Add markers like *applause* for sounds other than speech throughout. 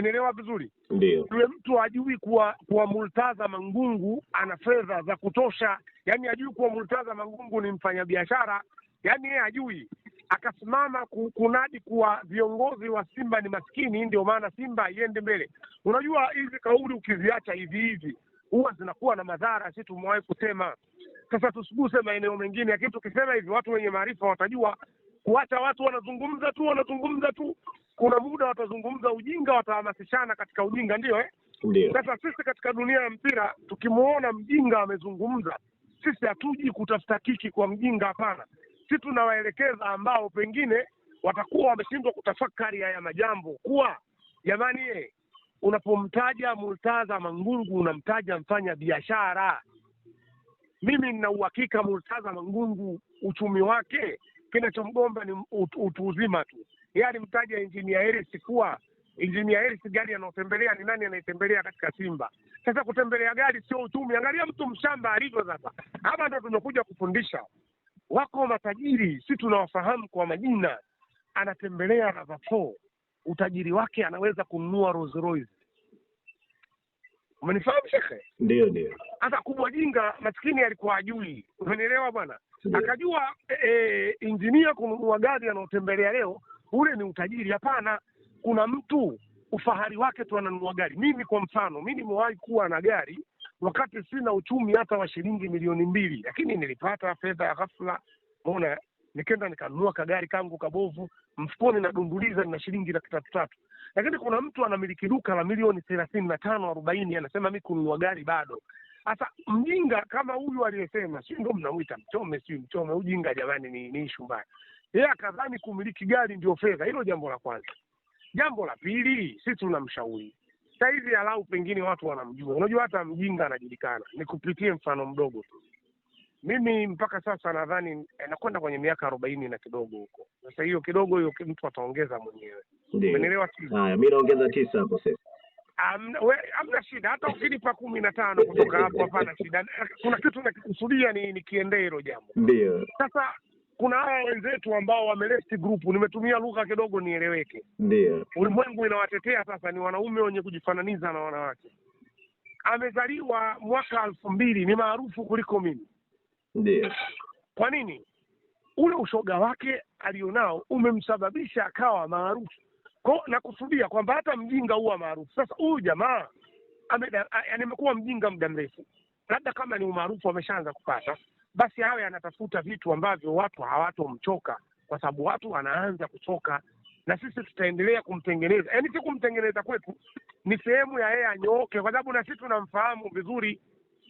Umenielewa vizuri? Ndio. Yule mtu ajui kuwa kuwa Murtaza Mangungu ana fedha za kutosha, yani ajui kuwa Murtaza Mangungu ni mfanyabiashara, yaani yeye ajui akasimama kunadi kuwa viongozi wa Simba ni maskini, ndio maana Simba iende mbele. Unajua hizi kauli ukiziacha hivi hivi huwa zinakuwa na madhara, si tumewahi kusema. Sasa tusiguse maeneo mengine, lakini tukisema hivi watu wenye maarifa watajua kuacha watu wanazungumza tu wanazungumza tu, kuna muda watazungumza ujinga, watahamasishana katika ujinga, ndio eh? Sasa sisi katika dunia ya mpira tukimwona mjinga amezungumza, sisi hatuji kutafuta kiki kwa mjinga, hapana. Si tunawaelekeza ambao pengine watakuwa wameshindwa kutafakari haya majambo, kuwa jamani, ye eh, unapomtaja Murtaza Mangungu unamtaja mfanya biashara. Mimi nina uhakika Murtaza Mangungu uchumi wake kinachomgomba ni utu uzima tu yeye yaani alimtaja Engineer Hersi kuwa Engineer Hersi gari anaotembelea ni nani anaitembelea katika Simba. Sasa kutembelea gari sio uchumi. Angalia mtu mshamba alivyo sasa. Hapa ndo tumekuja kufundisha. Wako matajiri, si tunawafahamu kwa majina. Anatembelea Ravapo, utajiri wake anaweza kununua Rolls Royce. Umenifahamu shekhe? Ndio, ndio. Hata kubwa jinga maskini alikuwa ajui, umenielewa bwana? Akajua e, eh, eh, injinia kununua gari anaotembelea leo ule ni utajiri. Hapana, kuna mtu ufahari wake tu ananunua gari. Mimi kwa mfano, mi nimewahi kuwa na gari wakati sina uchumi hata wa shilingi milioni mbili, lakini nilipata fedha ya ghafla, mona nikenda nikanunua kagari kangu kabovu, mfukoni nadunduliza nina shilingi laki tatu tatu. Lakini kuna mtu anamiliki duka la milioni thelathini na tano arobaini, anasema mi kununua gari bado. Sasa mjinga kama huyu aliyesema, si ndo mnamwita mchome? Si mchome, ujinga jamani, ni, ni yeye akadhani kumiliki gari ndio fedha. Hilo jambo la kwanza. Jambo la pili, sisi tunamshauri sasa hivi, alau pengine watu wanamjua. Unajua hata mjinga anajulikana. Nikupitie mfano mdogo tu. Mimi mpaka sasa nadhani eh, nakwenda kwenye miaka arobaini na kidogo huko. Sasa hiyo kidogo hiyo mtu ataongeza mwenyewe, umenielewa? Haya, mimi naongeza tisa hapo sasa. Hamna shida, hata ukinipa kumi na tano kutoka hapo, hapana shida. Kuna kitu nakikusudia, ni nikiendee hilo jambo. Ndio sasa kuna hawa wenzetu ambao wamelesti grupu, nimetumia lugha kidogo nieleweke, ndio ulimwengu inawatetea sasa. Ni wanaume wenye kujifananiza na wanawake. Amezaliwa mwaka elfu mbili, ni maarufu kuliko mimi. Ndio kwa nini? Ule ushoga wake alionao umemsababisha akawa maarufu kwa, nakusudia kwamba hata mjinga huwa maarufu. Sasa huyu jamaa amekuwa mjinga muda mrefu, labda kama ni umaarufu ameshaanza kupata basi awe anatafuta vitu ambavyo watu hawatomchoka, kwa sababu watu wanaanza kuchoka na sisi tutaendelea kumtengeneza. Yaani si kumtengeneza kwetu, ni sehemu ya yeye anyooke, kwa sababu na sisi tunamfahamu vizuri.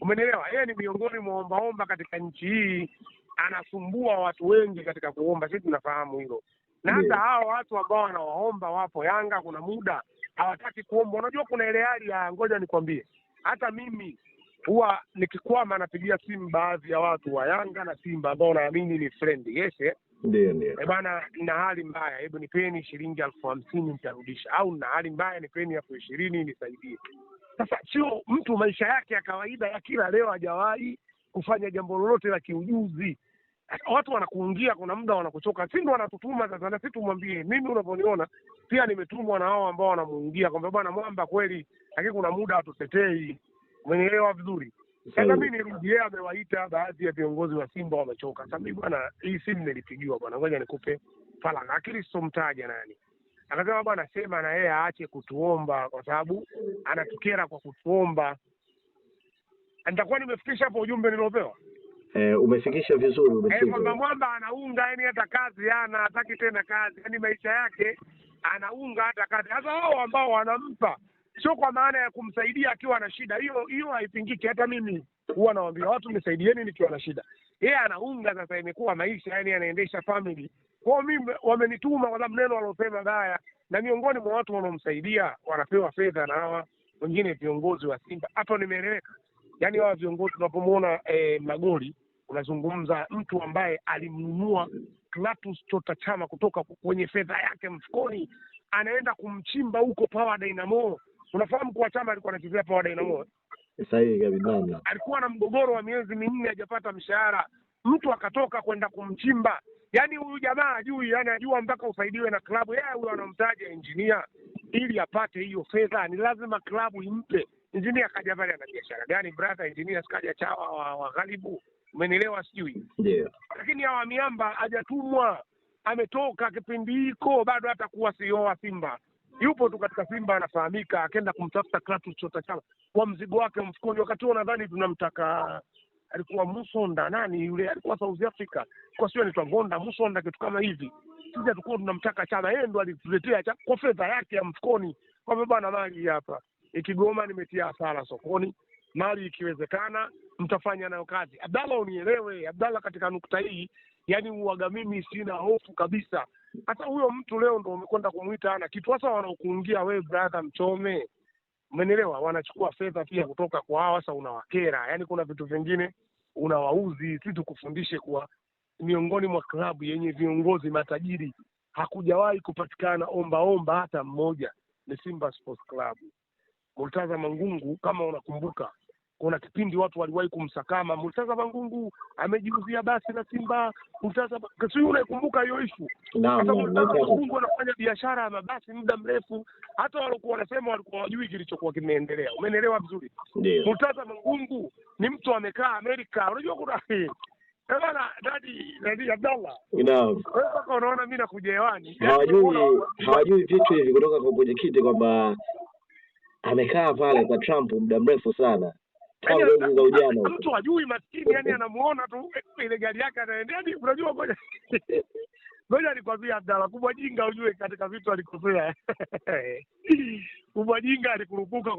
Umenielewa? Yeye ni miongoni mwa ombaomba katika nchi hii, anasumbua watu wengi katika kuomba. Sisi tunafahamu hilo, na hata yeah, watu ambao wanawaomba wapo Yanga, kuna muda hawataki kuomba. Unajua kuna ile hali ya ngoja nikwambie, hata mimi huwa nikikwama napigia simu baadhi ya watu wa Yanga na Simba ambao naamini ni friend Yes, eh? ndio ndio eh, bana, nina hali mbaya, hebu nipeni shilingi elfu hamsini nitarudisha, au nina hali mbaya, nipeni elfu ishirini nisaidie. Sasa sio mtu maisha yake ya kawaida ya kila leo, hajawahi kufanya jambo lolote la kiujuzi. Watu wanakuungia kuna muda wanakuchoka, si ndo wanatutuma sasa, na sisi tumwambie. Mimi unavyoniona pia nimetumwa na hao ambao wanamuungia kwamba bwana Mwamba kweli, lakini kuna muda hatutetei Umenielewa vizuri? Sasa mimi nirudi, yeye amewaita baadhi ya viongozi wa Simba wamechoka. Sasa mimi bwana, hii simu nilipigiwa bwana, ngoja nikupe faragha, lakini sitomtaja nani. Akasema bwana, sema na yeye aache kutuomba, kwa sababu anatukera kwa kutuomba. Nitakuwa nimefikisha hapo ujumbe niliopewa. Eh, umefikisha vizuri, eh, umefikisha. kwamba mwamba anaunga, yani hata kazi ana hataki tena kazi, yani maisha yake anaunga hata kazi. hata wao ambao wanampa sio kwa maana ya kumsaidia akiwa na shida. Hiyo hiyo haipingiki. Hata mimi huwa nawambia watu nisaidieni nikiwa na shida. Yeye anaunga sasa, imekuwa maisha, yani anaendesha family kwao. Mimi wamenituma kwa sababu neno walosema na miongoni mwa watu wanaomsaidia wanapewa fedha na hawa wengine viongozi wa Simba. Hapo nimeeleweka, yani hawa viongozi unapomwona eh, Magoli unazungumza mtu ambaye alimnunua Clatous Chota Chama kutoka kwenye fedha yake mfukoni, anaenda kumchimba huko Power Dynamo Unafahamu kuwa Chama alikuwa anachezea Power Dynamo, sahihi Alikuwa na mgogoro wa miezi minne hajapata mshahara, mtu akatoka kwenda kumchimba. Yaani huyu jamaa ajui, yani ajua mpaka usaidiwe na klabu. Yeye huyo anamtaja engineer ili apate hiyo fedha, ni lazima klabu impe engineer. Akaja pale ana biashara gani brother? Engineer sikaja chawa wa, wa umenielewa? Sijui yeah. Lakini miamba hajatumwa ametoka kipindi hiko, bado hata kuwa CEO wa Simba yupo tu katika Simba, anafahamika, akenda kumtafuta Kratu chota chama kwa mzigo wake mfukoni. Wakati huo nadhani tunamtaka alikuwa Musonda, nani yule alikuwa South Africa, kwa sio anaitwa Gonda Musonda, kitu kama hivi. Sisi hatukuwa tunamtaka Chama, yeye ndo alituletea cha kwa fedha yake ya mfukoni, kwa kwamba bwana, mali hapa ikigoma, nimetia hasara sokoni, mali ikiwezekana mtafanya nayo kazi. Abdalla, unielewe Abdalla, katika nukta hii, yani uwaga, mimi sina hofu kabisa hata huyo mtu leo ndo umekwenda kumwita ana kitu, hasa wanaokuungia wewe brother mchome, umenielewa? Wanachukua fedha pia kutoka kwa hao, sasa unawakera. Yani kuna vitu vingine unawauzi. Si tukufundishe kuwa miongoni mwa klabu yenye viongozi matajiri hakujawahi kupatikana omba omba hata mmoja, ni Simba Sports Club. Murtaza Mangungu, kama unakumbuka kuna kipindi watu waliwahi kumsakama Murtaza Bangungu amejiuzia basi na Simba. Murtaza siu, unaikumbuka hiyo ishu? Bangungu Murtaza Vangungu anafanya biashara ya mabasi muda mrefu, hata walikuwa wanasema walikuwa wajui kilichokuwa kimeendelea. Umenielewa vizuri? Murtaza Bangungu ni mtu amekaa Amerika, unajua kuna *laughs* Ebana, eh, dadi dadi Abdallah, naam, sasa unaona mimi nakuja hewani, yaani hawajui hawajui vitu hivi kutoka kwa kwenye kiti kwamba amekaa pale kwa Trump muda mrefu sana Yaani mtu hajui maskini, yani anamuona tu eh, ile gari yake anaendea. Yaani unajua, ngoja *laughs* ngoja nikwambia, Abdalla, kubwa jinga ujue katika vitu alikosea *laughs* kubwa jinga alikurupuka.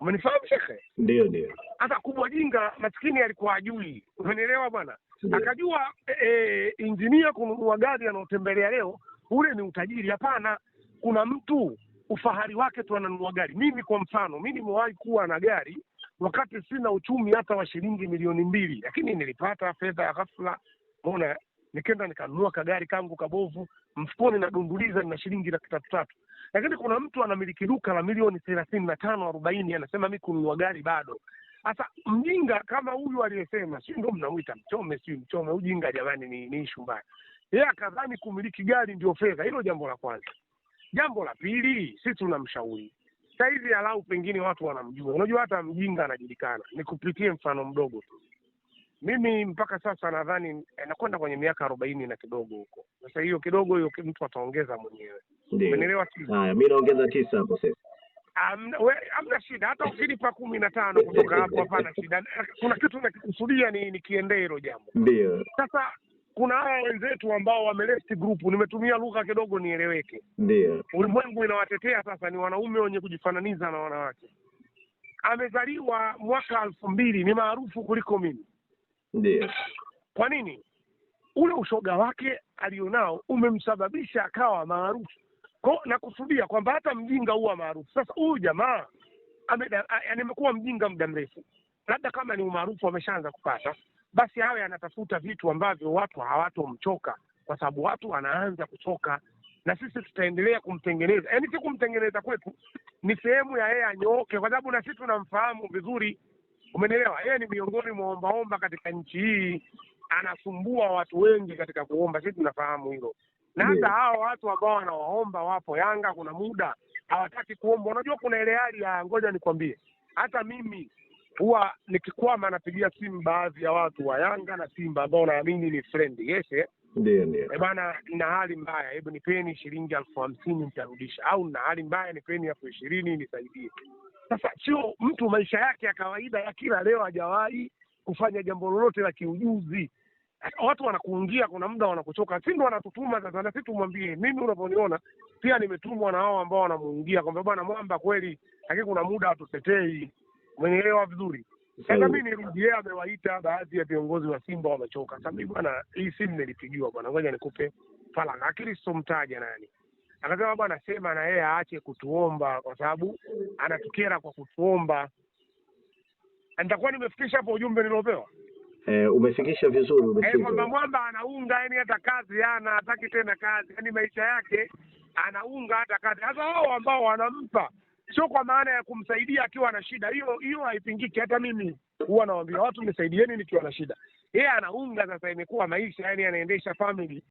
Umenifahamu shekhe? Ndio, ndio. Hata kubwa jinga maskini alikuwa ajui, umenielewa bwana? Akajua eh, eh, injinia kununua gari anaotembelea leo ule ni utajiri. Hapana, kuna mtu ufahari wake tu ananunua gari. Mimi kwa mfano, mi nimewahi kuwa na gari wakati sina uchumi hata wa shilingi milioni mbili, lakini nilipata fedha ya ghafla, mona nikaenda nikanunua kagari kangu kabovu, mfukoni nadunduliza nina shilingi laki tatu tatu. Lakini kuna mtu anamiliki duka la milioni thelathini na tano arobaini, anasema mi kununua gari bado. Sasa mjinga kama huyu aliyesema, si ndo mnamwita mchome, si mchome. Ujinga jamani, ni, ni ishu mbaya. Yeye akadhani kumiliki gari ndio fedha. Hilo jambo la kwanza. Jambo la pili, sisi tunamshauri sasa hivi, alau pengine watu wanamjua. Unajua hata mjinga anajulikana. Nikupitie mfano mdogo tu, mimi mpaka sasa nadhani eh, nakwenda kwenye miaka arobaini na kidogo huko. Sasa hiyo kidogo hiyo mtu ataongeza mwenyewe, umenielewa? Haya, naongeza tisa hapo sasa. Hamna shida, hata ukinipa kumi na tano kutoka hapo, hapana shida. Kuna kitu nakikusudia, ni nikiendee hilo jambo. Ndio sasa kuna hawa wenzetu ambao wameleft group, nimetumia lugha kidogo nieleweke, ndio ulimwengu inawatetea sasa. Ni wanaume wenye kujifananiza na wanawake. Amezaliwa mwaka elfu mbili, ni maarufu kuliko mimi. Ndio kwa nini? Ule ushoga wake alionao umemsababisha akawa maarufu kwa, nakusudia kwamba hata mjinga huwa maarufu. Sasa huyu jamaa amekuwa mjinga muda mrefu, labda kama ni umaarufu ameshaanza kupata basi awe anatafuta vitu ambavyo watu hawatomchoka, kwa sababu watu wanaanza kuchoka, na sisi tutaendelea kumtengeneza. Yaani si kumtengeneza kwetu, ni sehemu ya yeye anyooke, kwa sababu na sisi tunamfahamu vizuri. Umenielewa? Yeye ni miongoni mwa ombaomba katika nchi hii, anasumbua watu wengi katika kuomba. Sisi tunafahamu hilo, na hata hawa watu ambao wanawaomba wapo Yanga, kuna muda hawataki kuomba. Unajua kuna ile hali ya ngoja nikwambie, hata mimi huwa nikikwama napigia simu baadhi ya watu wa Yanga na Simba ambao naamini ni friend yes, eh? E bana, na hali mbaya, hebu nipeni shilingi elfu hamsini nitarudisha, au na hali mbaya nipeni elfu ishirini nisaidie. Sasa sio mtu maisha yake ya kawaida ya kila leo, hajawahi kufanya jambo lolote la kiujuzi. Watu wanakuungia kuna muda wanakuchoka, si ndo wanatutuma sasa, na si tumwambie. Mimi unavyoniona pia nimetumwa na wao ambao wanamuungia kwamba bwana mwamba kweli, lakini kuna muda hatutetei Umenielewa vizuri? Sasa mimi nirudi, yeye amewaita baadhi ya viongozi wa Simba wamechoka. Sasa mi bwana, hii simu nilipigiwa bwana, ngoja nikupe faranga lakini sitomtaja nani. Akasema bwana, sema na yeye aache kutuomba, kwa sababu anatukera kwa kutuomba. Nitakuwa nimefikisha hapo ujumbe niliopewa. Eh, umefikisha vizuri, umefikisha. Eh, kwamba mwamba anaunga, yani hata kazi ana hataki tena kazi, yani maisha yake anaunga hata kazi. hata wao ambao wanampa sio kwa maana ya kumsaidia akiwa na shida. Hiyo hiyo haipingiki. Hata mimi huwa nawaambia watu nisaidieni nikiwa na shida. Yeye anaunga sasa, imekuwa maisha yani, anaendesha family